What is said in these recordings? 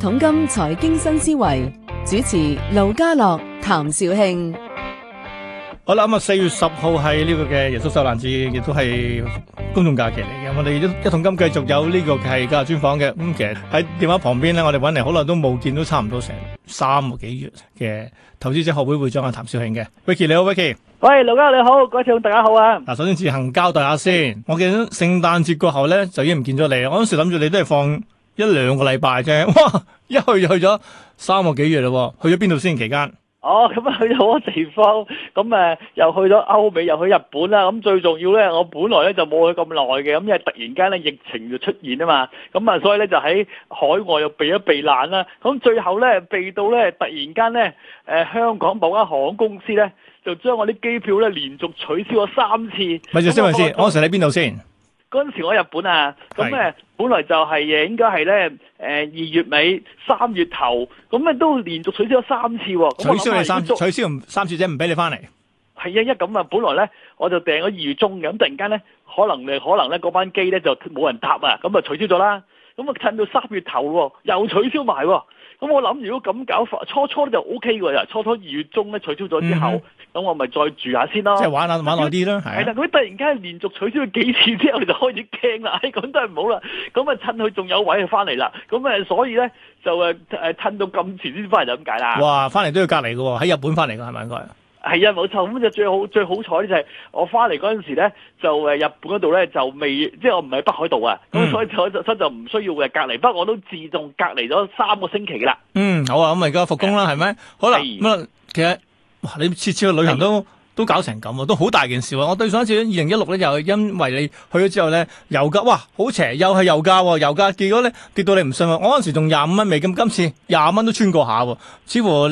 統金財經新思維主持盧家樂、譚兆慶。好啦，咁啊，四月十號係呢個嘅耶穌受難節，亦都係公眾假期嚟嘅。我哋一桶金繼續有呢、這個係今日專訪嘅。咁、嗯、其實喺電話旁邊咧，我哋揾嚟好耐都冇見到，都差唔多成三個幾月嘅投資者學會會長阿譚兆慶嘅。Vicky 你好，Vicky，喂，盧家樂你好，各位聽眾大家好啊。嗱，首先自行交代下先。我記得聖誕節過後咧，就已經唔見咗你了。我當時諗住你都係放。一兩個禮拜啫，哇！一去就去咗三個幾月喎。去咗邊度先？期間哦，咁啊去咗好多地方，咁誒又去咗歐美，又去日本啦。咁最重要咧，我本來咧就冇去咁耐嘅，咁因為突然間咧疫情就出現啊嘛，咁啊所以咧就喺海外又避一避難啦。咁最後咧避到咧突然間咧誒香港某間航空公司咧就將我啲機票咧連續取消咗三次。咪住先，問先，安 Sir 喺邊度先？嗰陣時我喺日本啊，咁誒本來就係、是、嘢應該係咧誒二月尾三月頭，咁誒都連續取消咗三次喎。取消你三取消三次啫，唔俾你翻嚟。係一一咁啊，本來咧我就訂咗二月中，咁突然間咧可能你可能咧嗰班機咧就冇人搭啊，咁啊取消咗啦。咁啊趁到三月頭又取消埋，咁我諗如果咁搞法，初初就 OK 噶喇，初初二月中咧取消咗之後。嗯等我咪再住下先咯，即係玩下玩耐啲咯。係啦、啊，佢突然間連續取消幾次之後，我哋就開始驚啦。哎，咁真係唔好啦。咁啊，趁佢仲有位翻嚟啦。咁啊，所以咧就誒誒，趁到咁遲先翻嚟就咁解啦。哇！翻嚟都要隔離㗎喎，喺日本翻嚟㗎係咪應該？係啊，冇錯。咁就最好最好彩就係我翻嚟嗰陣時咧，就誒日本嗰度咧就未，即係我唔喺北海道啊。咁、嗯、所，所以就真就唔需要嘅隔離。不過我都自動隔離咗三個星期啦。嗯，好啊，咁咪而家復工啦，係咪的？好啦，咁啊的、嗯，其實。哇！你次次去旅行都都搞成咁啊，都好大件事啊！我對上一次二零一六咧，又係因為你去咗之後咧，油價哇好邪，又係油價喎，油價結果咧跌到你唔信喎。我嗰陣時仲廿五蚊未？咁今次廿蚊都穿過下喎，似乎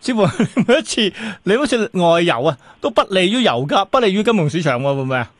似乎每一次你好似外遊啊，都不利於油價，不利於金融市場喎，會唔會啊？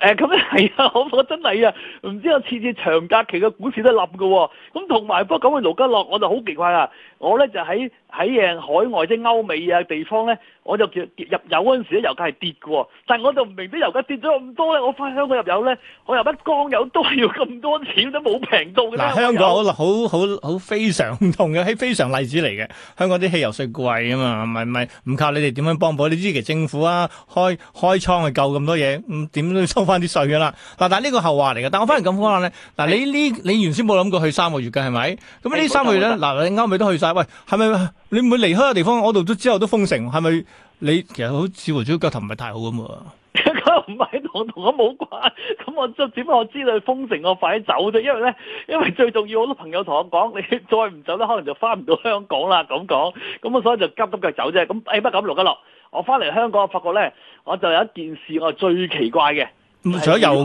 誒咁咧係啊，我覺得真係啊，唔知我次次長假期嘅股市都冧㗎喎，咁同埋不過講起盧吉樂，我就好奇怪啊，我咧就喺喺誒海外即係、就是、歐美啊地方咧。我就叫入油嗰陣時咧，油價係跌嘅，但係我就唔明點油價跌咗咁多咧。我翻香港入油咧，我入一缸油都係要咁多錢，都冇平到嘅。嗱，香港好，好好好，非常唔同嘅，係非常例子嚟嘅。香港啲汽油稅貴啊嘛，唔係，唔係，唔靠你哋點樣幫補？你支持政府啊，開開倉去救咁多嘢，咁點都收翻啲稅㗎啦。嗱，但係呢個後話嚟嘅。但我反而咁講咧，嗱，你呢你原先冇諗過去三個月㗎係咪？咁呢三個月咧，嗱，你歐美都去曬，喂，係咪？你唔會離開個地方，我度都之後都封城，係咪？你其實好似胡椒骨頭唔係太好咁喎。咁唔係同同我冇關，咁我只只不過我知道你封城，我快啲走啫。因為咧，因為最重要，好多朋友同我講，你再唔走咧，可能就翻唔到香港啦。咁講，咁啊，所以就急急腳走啫。咁唉不，咁落一落。我翻嚟香港，我發覺咧，我就有一件事我最奇怪嘅。除咗有，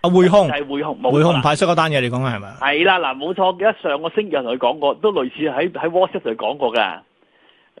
阿匯控係匯控匯控唔派息嗰單嘢，你講係咪？係啦，嗱，冇錯，記得上個星期我同佢講過，都類似喺喺 WhatsApp 同佢講過噶。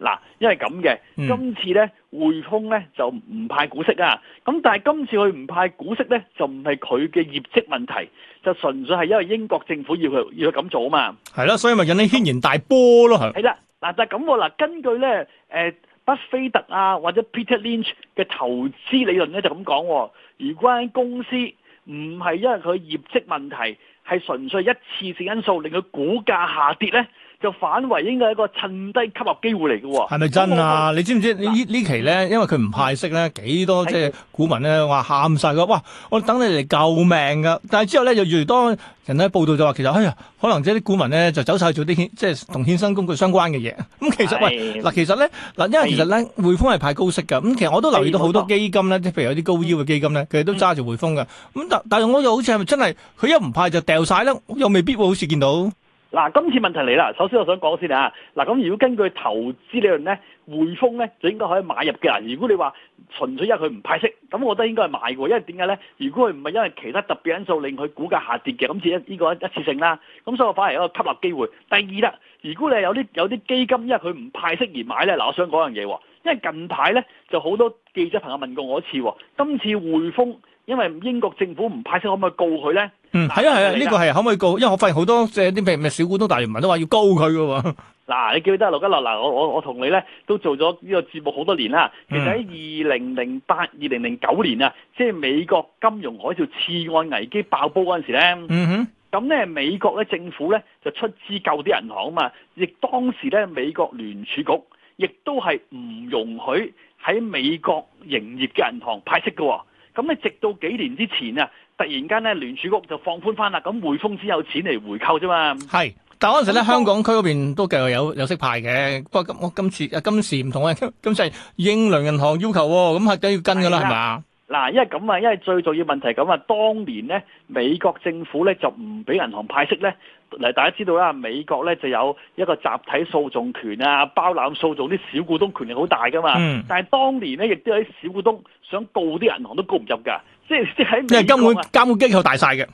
嗱，因為咁嘅，今次咧匯控咧就唔派股息啊。咁但係今次佢唔派股息咧，就唔係佢嘅業績問題，就純粹係因為英國政府要佢要佢咁做啊嘛。係啦，所以咪引起軒然大波咯，係。係啦，嗱，就咁喎。嗱，根據咧，誒。巴菲特啊，或者 Peter Lynch 嘅投資理論咧，就咁講，如果喺公司唔係因為佢業績問題，係純粹一次性因素令佢股價下跌咧，就反為應該係一個趁低吸入機會嚟嘅喎，係咪真啊？你知唔知呢呢期咧？因為佢唔派息咧，幾多即係股民咧話喊曬嘅，哇！我等你嚟救命㗎。但係之後咧，又越嚟多人咧報道就話其實，哎呀，可能即係啲股民咧就走曬做啲顯即係同衍生工具相關嘅嘢。咁其實喂嗱，其實咧嗱，因為其實咧，匯豐係派高息㗎。咁其實我都留意到好多基金咧，即係譬如有啲高腰嘅基金咧，佢哋都揸住匯豐㗎。咁但但係我又好似係咪真係佢一唔派就掉曬咧？又未必喎，好似見到。嗱，今次問題嚟啦，首先我想講先啊，嗱，咁如果根據投資理論咧，匯豐咧就應該可以買入嘅啦。如果你話純粹因為佢唔派息，咁我覺得應該係買嘅，因為點解咧？如果佢唔係因為其他特別因素令佢股價下跌嘅，咁似呢個一次性啦，咁所以我反而有一個吸納機會。第二啦，如果你有啲有啲基金，因為佢唔派息而買咧，嗱，我想講樣嘢喎，因為近排咧就好多記者朋友問過我一次喎，今次匯豐。因為英國政府唔派息，可唔可以告佢咧？嗯，係啊，係啊，呢、這個係可唔可以告？因為我發現好多即係啲咩咩小股東大 Actually，大聯盟都話要告佢嘅喎。嗱，你記得劉吉樂嗱，我我我同你咧都做咗呢個節目好多年啦。其實喺二零零八、二零零九年啊，即係美國金融海嘯次按危機爆煲嗰陣時咧，咁咧美國咧政府咧就出資救啲銀行啊嘛。亦當時咧美國聯儲局亦都係唔容許喺美國營業嘅銀行派息嘅。咁你直到幾年之前啊，突然間咧，聯儲局就放寬翻啦。咁匯豐只有錢嚟回購啫嘛。係，但嗰陣時咧，嗯、香港區嗰邊都繼續有有息派嘅。不過咁我今次今時唔同啊，今次係英倫銀行要求喎，咁係梗要跟噶啦，係嘛的？嗱吧，因為咁啊，因為最重要問題咁啊，當年咧美國政府咧就唔俾銀行派息咧。嗱，大家知道啦，美國咧就有一個集體訴訟權啊，包攬訴訟，啲小股東權力好大噶嘛。嗯、但係當年咧，亦都有啲小股東想告啲銀行都告唔入噶，即係即係即係根本監管機構大晒嘅。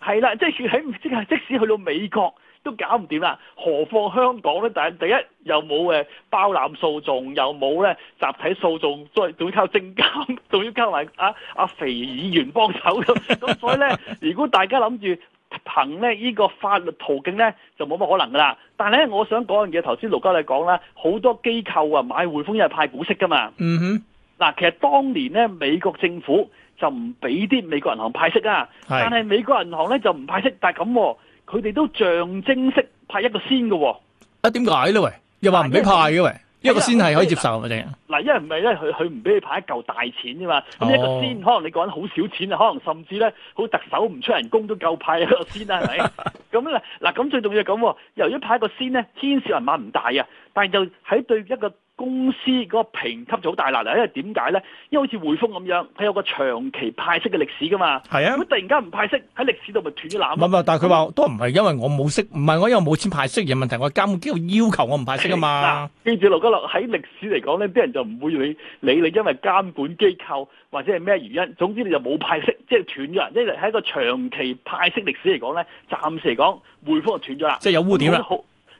係啦，即係喺即係即使去到美國都搞唔掂啦，何況香港咧？第第一又冇誒包攬訴訟，又冇咧集體訴訟，都係仲要靠證監，仲要靠埋阿阿肥議員幫手咁。咁 所以咧，如果大家諗住，憑咧呢個法律途徑咧就冇乜可能噶啦，但係咧我想講樣嘢，頭先盧嘉麗講啦，好多機構啊買匯豐又係派股息噶嘛，嗯哼，嗱其實當年咧美國政府就唔俾啲美國銀行派息啊，的但係美國銀行咧就唔派息，但係咁，佢哋都象徵式派一個先嘅，啊點解咧喂，又話唔俾派嘅喂？一個先係可以接受嘅啫。嗱，因為唔係咧，佢佢唔俾你派一嚿大錢啫嘛。咁、哦、一個先，可能你講緊好少錢啊，可能甚至咧，好特首唔出人工都夠派一個先啦，係咪？咁咧， 嗱咁最重要係咁，由於派一個先咧，牽涉人馬唔大啊，但係就喺對一個公司嗰個評級就好大壓力，因為點解咧？因為好似匯豐咁樣，佢有個長期派息嘅歷史噶嘛。係啊，咁突然間唔派息，喺歷史度咪斷咗纜？唔係，但佢話、嗯、都唔係因為我冇息唔係我因為冇錢派息而問題，我監管機構要求我唔派息啊嘛。啊記住，劉家樂喺歷史嚟講咧，啲人就唔會理你，你因為監管機構或者係咩原因，總之你就冇派息，即、就、係、是、斷咗纜。因為喺一個長期派息歷史嚟講咧，暫時嚟講，匯豐就斷咗啦。即係有污點啦。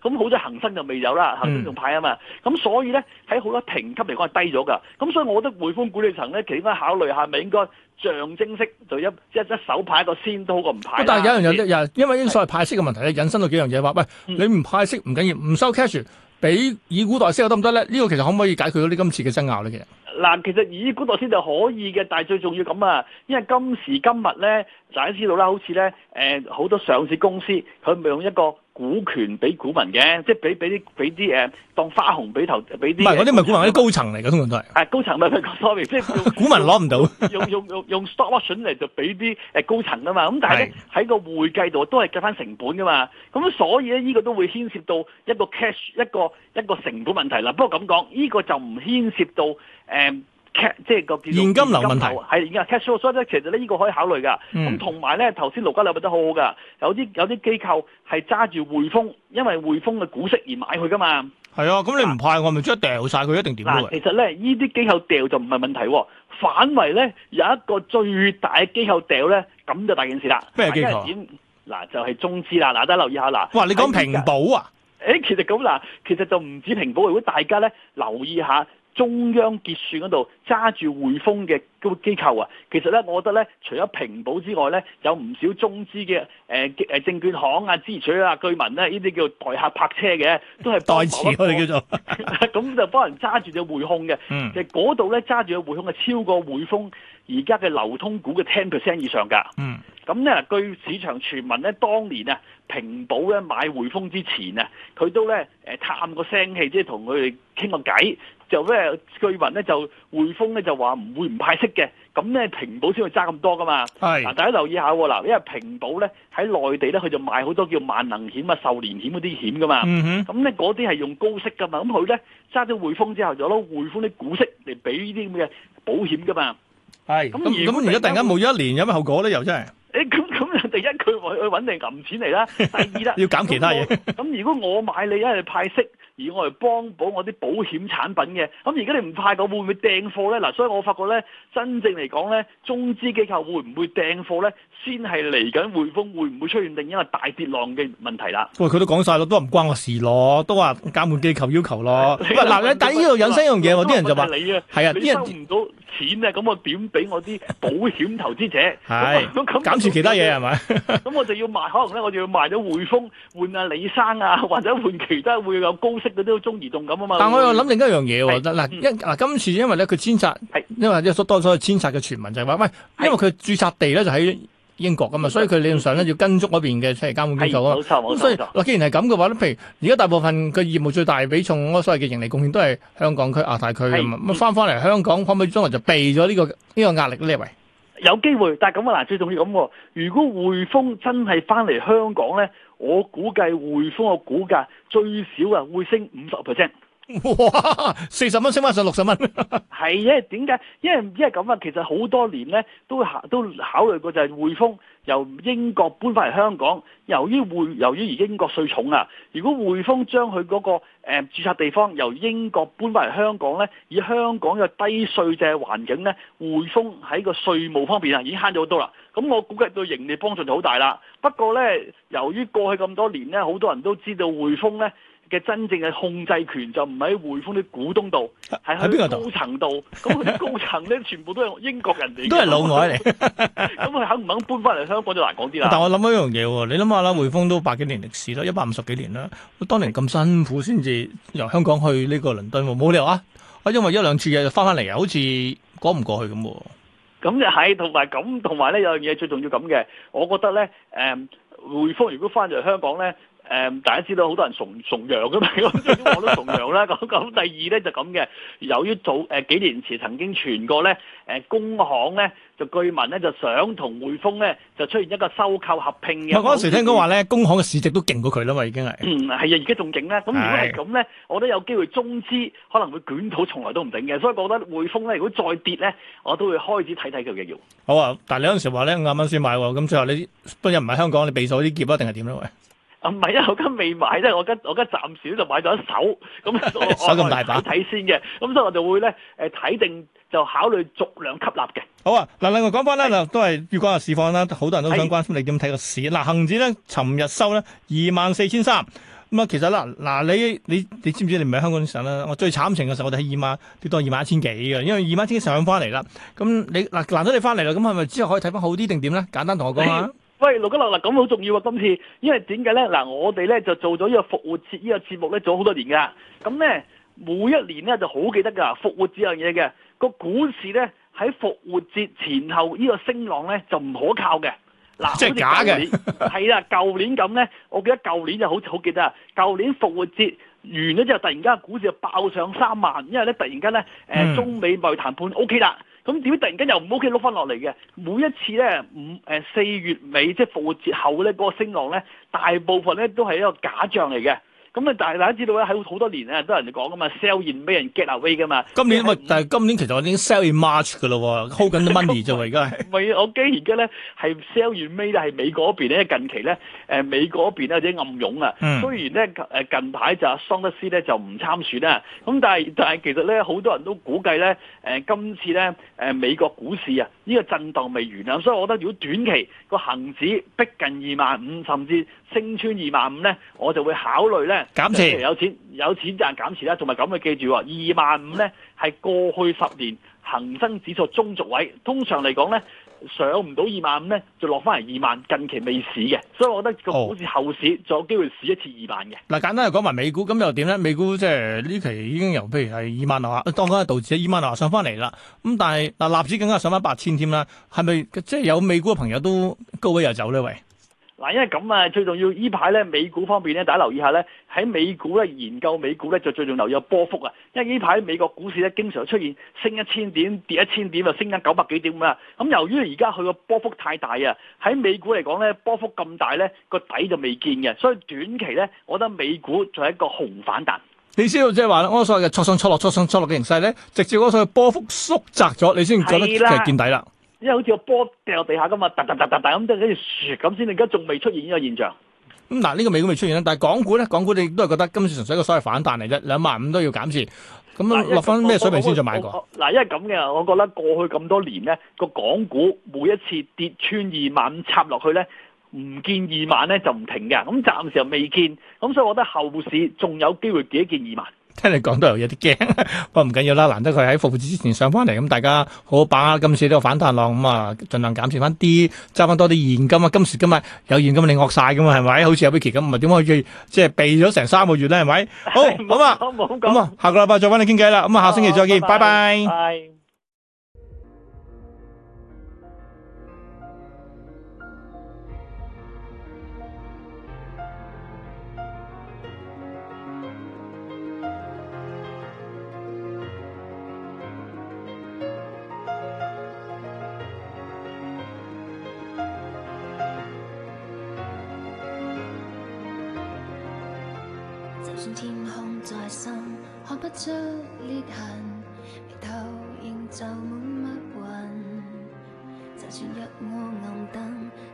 咁好咗，恒生就未有啦，恒生仲派啊嘛，咁、嗯、所以咧喺好多評級嚟講係低咗噶，咁所以我覺得匯豐管理層咧，其實應該考慮下，咪應該象徵式就一一一手派一個先都好過唔派。但係有樣有啲，又因為因所謂派息嘅問題咧，引申到幾樣嘢話，喂，你唔派息唔緊要，唔收 cash，俾以股代息有得唔得咧？呢、這個其實可唔可以解決到呢今次嘅爭拗咧？其實嗱，其實以股代息就可以嘅，但係最重要咁啊，因為今時今日咧，大家知道啦，好似咧誒好多上市公司佢咪用一個。股權俾股民嘅，即係俾俾啲俾啲誒當花紅俾頭俾啲唔係嗰啲唔係股民，嗰啲高層嚟嘅，通常都係、啊、高層咪係，sorry，即係股 民攞唔到， 用用用用 stock option 嚟就俾啲誒高層啊嘛，咁但係咧喺個會計度都係計翻成本㗎嘛，咁所以咧依、這個都會牽涉到一個 cash 一個一個成本問題啦。不過咁講，呢、這個就唔牽涉到、嗯 c 即係現金流問題，係金流。c a s l 所以咧其實呢呢個可以考慮噶。咁同埋咧頭先盧嘉麗有得好噶，有啲有啲機構係揸住匯豐，因為匯豐嘅股息而買佢噶嘛。係啊，咁你唔派我，咪即、啊、掉晒佢一定點？其實咧呢啲機構掉就唔係問題喎，反為咧有一個最大嘅機構掉咧，咁就大件事啦。咩機構？嗱，就係、是、中資啦。嗱，大家留意一下嗱。哇，你講平保啊？其實咁嗱，其實就唔止平保，如果大家咧留意一下。中央結算嗰度揸住匯豐嘅個機構啊，其實咧，我覺得咧，除咗平保之外咧，有唔少中資嘅誒誒證券行啊、支取啊、居民咧、啊，呢啲叫代客泊車嘅，都係代持佢哋叫做 幫，咁就幫人揸住個匯控嘅，嗯，就嗰度咧揸住個匯控係超過匯豐而家嘅流通股嘅 ten percent 以上㗎，嗯，咁咧據市場傳聞咧，當年啊平保咧、啊、買匯豐之前啊，佢都咧誒探個聲氣，即係同佢哋傾個偈。就咩？據聞咧，就匯豐咧就話唔會唔派息嘅。咁咧，平保先會揸咁多噶嘛。嗱是大家留意下喎、啊、嗱，因為平保咧喺內地咧，佢就賣好多叫萬能險啊、壽年險嗰啲險噶嘛。咁咧嗰啲係用高息噶嘛，咁佢咧揸咗匯豐之後，就攞匯豐啲股息嚟俾呢啲咁嘅保險噶嘛。咁咁是那而家突然間冇咗一年有咩後果咧？又真係。咁咁、嗯嗯嗯，第一佢去去揾你揞錢嚟啦，第二啦， 要揀其他嘢。咁、嗯、如果我買你，因為派息，而我係幫補我啲保險產品嘅，咁而家你唔派夠，會唔會訂貨咧？嗱、嗯，所以我發覺咧，真正嚟講咧，中資機構會唔會訂貨咧，先係嚟緊匯豐，匯豐會唔會出現另一個大跌浪嘅問題啦？喂，佢都講晒咯，都唔關我事咯，都話監管機構要求咯。喂想，嗱，麼你第呢度引出一樣嘢喎，啲人就話，你啊，啲人唔到錢咧，咁人我點俾我啲保險投資者？係，咁其他嘢係咪？咁我就要賣，可能咧我就要賣咗匯豐，換阿李生啊，或者換其他會有高息嗰啲，中移動咁啊嘛。但我又諗另一樣嘢喎，嗱，嗱、嗯，今次因為咧佢遷冊，是因為一多咗遷冊嘅傳聞，就係話喂，因為佢註冊地咧就喺英國噶嘛，是所以佢理論上咧要跟足嗰邊嘅即係監管機構咯。冇錯冇錯。嗱，既然係咁嘅話，譬如而家大部分嘅業務最大比重，所謂嘅盈利貢獻都係香港區、亞太區啊嘛。咁翻翻嚟香港可唔可以將來就避咗呢、這個呢、這個壓力咧？為有機會，但係咁啊嗱，最重要咁喎。如果匯豐真係翻嚟香港咧，我估計匯豐嘅股價最少啊會升五十 percent，哇！四十蚊升翻上六十蚊，係 因為點解？因為因為咁啊，其實好多年咧都考都考慮過就係匯豐。由英國搬翻嚟香港，由於匯由於而英國稅重啊，如果匯豐將佢嗰、那個誒、呃、註冊地方由英國搬翻嚟香港呢，以香港嘅低稅制環境呢，匯豐喺個稅務方面啊已經慳咗好多啦。咁我估計對盈利幫助就好大啦。不過呢，由於過去咁多年呢，好多人都知道匯豐呢。嘅真正嘅控制權就唔喺匯豐啲股東度，係喺邊個度？高層度，咁啲、啊、高層咧 全部都係英國人嚟，都係老外嚟。咁 佢肯唔肯搬翻嚟香港就難講啲啦。但我諗一樣嘢，你諗下啦，匯豐都百幾年歷史啦，一百五十幾年啦，當年咁辛苦先至由香港去呢個倫敦，冇理由啊！啊，因為一兩次嘢就翻翻嚟，又好似講唔過去咁。咁就係同埋咁，同埋呢有樣嘢最重要咁嘅，我覺得咧，誒、嗯、匯豐如果翻咗香港咧。誒、呃，大家知道好多人崇崇洋噶嘛， 我都崇洋啦。咁咁，第二咧就咁嘅。由於早誒、呃、幾年前曾經傳過咧，誒、呃、工行咧就據聞咧就想同匯豐咧就出現一個收購合併嘅。嗰陣時聽講話咧，工行嘅市值都勁過佢啦嘛，已經係嗯係啊，而家仲勁咧。咁的如果係咁咧，我都有機會中資可能會捲土重來都唔定嘅。所以我覺得匯豐咧，如果再跌咧，我都會開始睇睇佢嘅要好啊。但你嗰陣時話咧，啱啱先買喎，咁最後你今又唔係香港，你避咗啲劫一定係點咧？喂！唔係，因為我而家未買咧，我而家我而家暫時就買咗一手，咁、嗯、 我睇先嘅，咁所以我就會咧誒睇定就考慮逐量吸納嘅。好啊，嗱，另外講翻咧，嗱是都係要講下市況啦，好多人都想關心是你點睇個市。嗱，恆指咧，尋日收咧二萬四千三，咁啊，其實啦，嗱你你你，你知唔知你唔係香港嘅時候咧，我最慘情嘅時候我哋喺二萬跌到二萬一千幾嘅，因為二萬千幾上翻嚟啦。咁你嗱難得你翻嚟啦，咁係咪之後可以睇翻好啲定點咧？簡單同我講。喂，六吉六嗱咁好重要啊！今次，因為點解咧？嗱，我哋咧就做咗呢個復活節呢個節目咧，做咗好多年噶。咁咧，每一年咧就好記得噶，復活節樣嘢嘅個股市咧喺復活節前後呢個升浪咧就唔可靠嘅。嗱，即係假嘅。係啦， 舊年咁咧，我記得舊年就好似好記得啊！舊年復活節完咗之後，突然間股市就爆上三萬，因為咧突然間咧，中美外談判 OK 啦。嗯咁點知突然間又唔 OK，碌返落嚟嘅。每一次咧，五四月尾即係復活節後咧，嗰個升浪呢，大部分呢都係一個假象嚟嘅。咁啊！但係大家知道咧，喺好多年咧，都有人哋講噶嘛，sell in May and get away 噶嘛。嘛今年咪？就是、但係今年其實我已經 sell in March 噶咯，hold 緊啲 money 就喎，而家係。我驚而家咧係 sell in May，咧係美國嗰邊咧近期咧美國嗰邊咧有啲暗湧啊。嗯、雖然咧近排就桑德斯咧就唔參選啦，咁但係但係其實咧好多人都估計咧今次咧美國股市啊呢個震盪未完啊，所以我覺得如果短期個恒指逼近二萬五，甚至升穿二萬五咧，我就會考慮咧。減持有錢有錢就係減持啦，同埋咁你記住，二萬五咧係過去十年恒生指數中軸位，通常嚟講咧上唔到二萬五咧就落翻嚟二萬，近期未試嘅，所以我覺得股市後市仲有機會試一次二萬嘅。嗱，簡單嚟講埋美股，咁又點咧？美股即係呢期已經由譬如係二萬六，當佢係道指二萬六上翻嚟啦。咁但係嗱，納指更加上翻八千添啦，係咪即係有美股嘅朋友都高位又走咧？喂？嗱，因為咁啊，最重要呢排咧，美股方面咧，大家留意下咧，喺美股咧研究美股咧，就最重要留意個波幅啊！因為呢排美國股市咧，經常出現升一千點、跌一千點啊，又升緊九百幾點咁啦。咁由於而家佢個波幅太大啊，喺美股嚟講咧，波幅咁大咧，個底就未見嘅，所以短期咧，我覺得美股仲係一個紅反彈你知道。你先要即係我所謂速上嘅速上速落速上速落嘅形勢咧，直至所謂波幅縮窄咗，你先覺得就係見底啦。因為好似個波掉落地下噶嘛，突突突突咁即跟住咁先，你而家仲未出現呢個現象。咁嗱，呢個美股未出現咧，但係港股咧，港股你都係覺得今次純粹一個所謂反彈嚟啫，兩萬五都要減持，咁啊落翻咩水平先再買過？嗱，因為咁嘅，我覺得過去咁多年咧，個港股每一次跌穿二萬五插落去咧，唔見二萬咧就唔停嘅。咁暫時又未見，咁所以我覺得後市仲有機會跌一見一二萬。聽你講都有一啲驚，不過唔緊要啦，難得佢喺復活節之前上翻嚟，咁大家好好把握今次呢個反彈浪，咁啊盡量減少翻啲揸翻多啲現金啊，今時今日有現金你惡晒噶嘛，係咪？好似阿 Becky 咁，唔係點可以即係避咗成三個月咧，係咪？好，好啊，咁啊，下個禮拜再翻嚟傾偈啦，咁啊唉，下星期再見，拜拜。拜拜拜拜。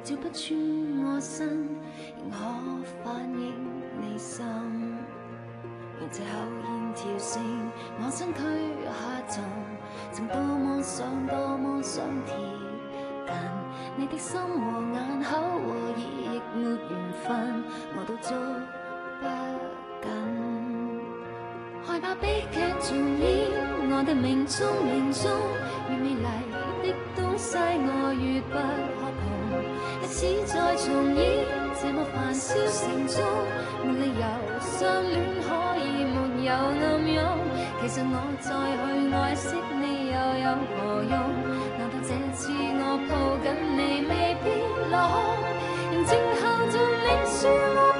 照不穿我身，仍可反映你心。讓這口煙跳升，我身軀下沉，曾多麼想，多麼想貼近。但你的心和眼口和耳亦沒緣分，我都捉不緊。害怕悲劇重演，縱然我的命中命中，越美麗的東西，我越不可。似在重演，這麼煩囂城中，沒理由相戀可以沒有暗湧。其實我再去愛惜你又有何用？難道這次我抱緊你未必落空？仍靜候著你說愛。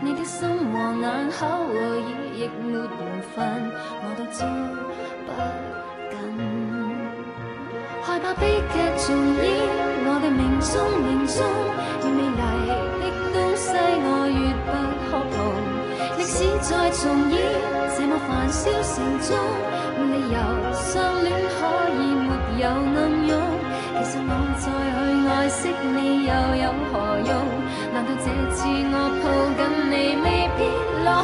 你的心和眼，口和耳亦沒緣份，我都捉不緊。害怕悲劇重演，我的命中命中，越美麗的東西我越不可碰。歷史在重演，這麼煩囂城中，沒理由相戀可以沒有暗湧。其實我再去愛惜你又有何用？難道這次我抱緊你，未必落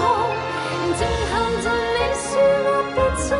空？仍靜候着你，說我別錯。